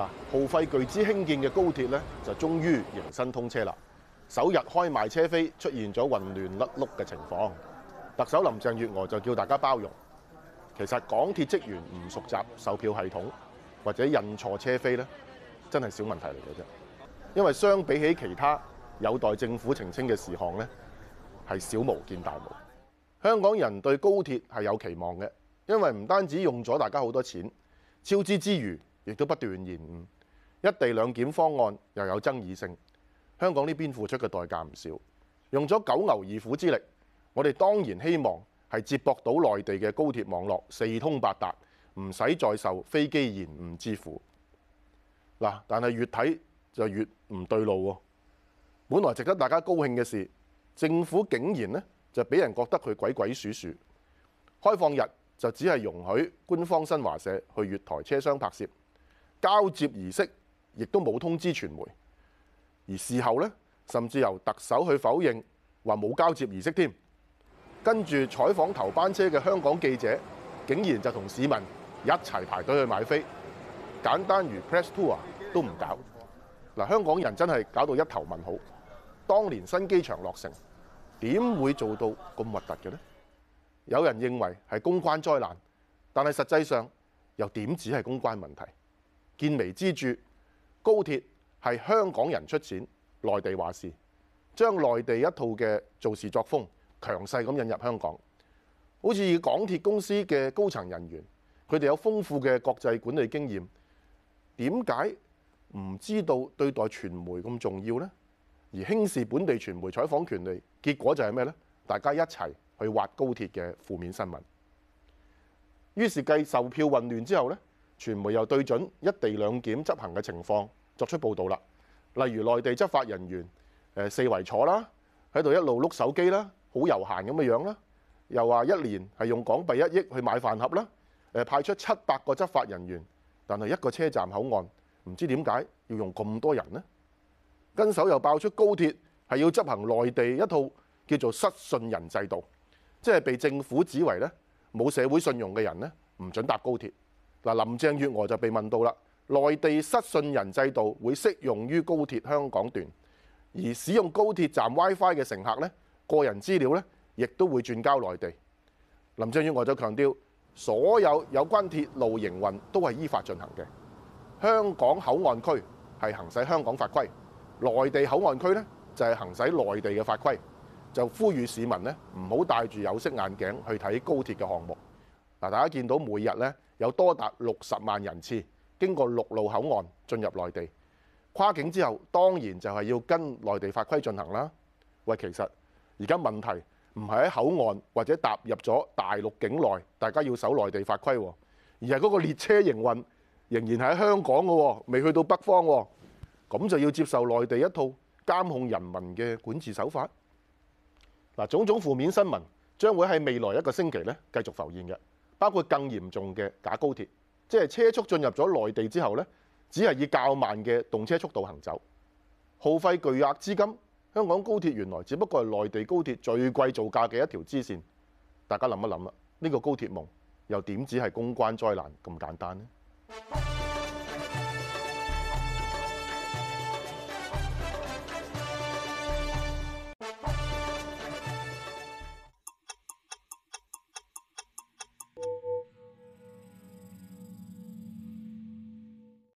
啊，耗費巨資興建嘅高鐵咧，就終於迎新通車啦！首日開賣車飛出現咗混亂甩碌嘅情況，特首林鄭月娥就叫大家包容。其實港鐵職員唔熟習售票系統或者印錯車飛咧，真係小問題嚟嘅啫。因為相比起其他有待政府澄清嘅事項咧，係小巫見大巫。香港人對高鐵係有期望嘅，因為唔單止用咗大家好多錢，超支之餘。亦都不斷延誤，一地兩檢方案又有爭議性。香港呢邊付出嘅代價唔少，用咗九牛二虎之力。我哋當然希望係接駁到內地嘅高鐵網絡四通八達，唔使再受飛機延誤之苦。嗱，但係越睇就越唔對路喎。本來值得大家高興嘅事，政府竟然呢就俾人覺得佢鬼鬼祟祟。開放日就只係容許官方新華社去月台車廂拍攝。交接儀式亦都冇通知傳媒，而事後呢，甚至由特首去否認話冇交接儀式添。跟住採訪頭班車嘅香港記者，竟然就同市民一齊排隊去買飛，簡單如 press tour 都唔搞。嗱，香港人真係搞到一頭問號。當年新機場落成點會做到咁核突嘅呢？有人認為係公關災難，但係實際上又點止係公關問題？見微知著，高鐵係香港人出錢，內地話事，將內地一套嘅做事作風強勢咁引入香港，好似港鐵公司嘅高層人員，佢哋有豐富嘅國際管理經驗，點解唔知道對待傳媒咁重要呢？而輕視本地傳媒採訪權利，結果就係咩呢？大家一齊去挖高鐵嘅負面新聞，於是繼售票混亂之後呢，傳媒又對準一地兩檢執行嘅情況作出報導啦，例如內地執法人員、呃、四圍坐啦，喺度一路碌手機啦，好悠閒咁嘅樣啦，又話一年係用港幣一億去買飯盒啦、呃，派出七百個執法人員，但係一個車站口岸唔知點解要用咁多人呢？跟手又爆出高鐵係要執行內地一套叫做失信人制度，即係被政府指為咧冇社會信用嘅人咧唔準搭高鐵。嗱，林鄭月娥就被問到啦，內地失信人制度會適用於高鐵香港段，而使用高鐵站 WiFi 嘅乘客呢，個人資料呢，亦都會轉交內地。林鄭月娥就強調，所有有關鐵路營運都係依法進行嘅。香港口岸區係行使香港法規，內地口岸區呢就係行使內地嘅法規。就呼籲市民呢唔好戴住有色眼鏡去睇高鐵嘅項目。嗱，大家見到每日呢。有多達六十萬人次經過陸路口岸進入內地，跨境之後當然就係要跟內地法規進行啦。喂，其實而家問題唔係喺口岸或者踏入咗大陸境內，大家要守內地法規，而係嗰個列車營運仍然係喺香港嘅，未去到北方，咁就要接受內地一套監控人民嘅管治手法。嗱，種種負面新聞將會喺未來一個星期呢繼續浮現嘅。包括更嚴重嘅假高鐵，即係車速進入咗內地之後呢只係以較慢嘅動車速度行走，耗費巨額資金。香港高鐵原來只不過係內地高鐵最貴造價嘅一條支線，大家諗一諗啦，呢個高鐵夢又點止係公關災難咁簡單呢？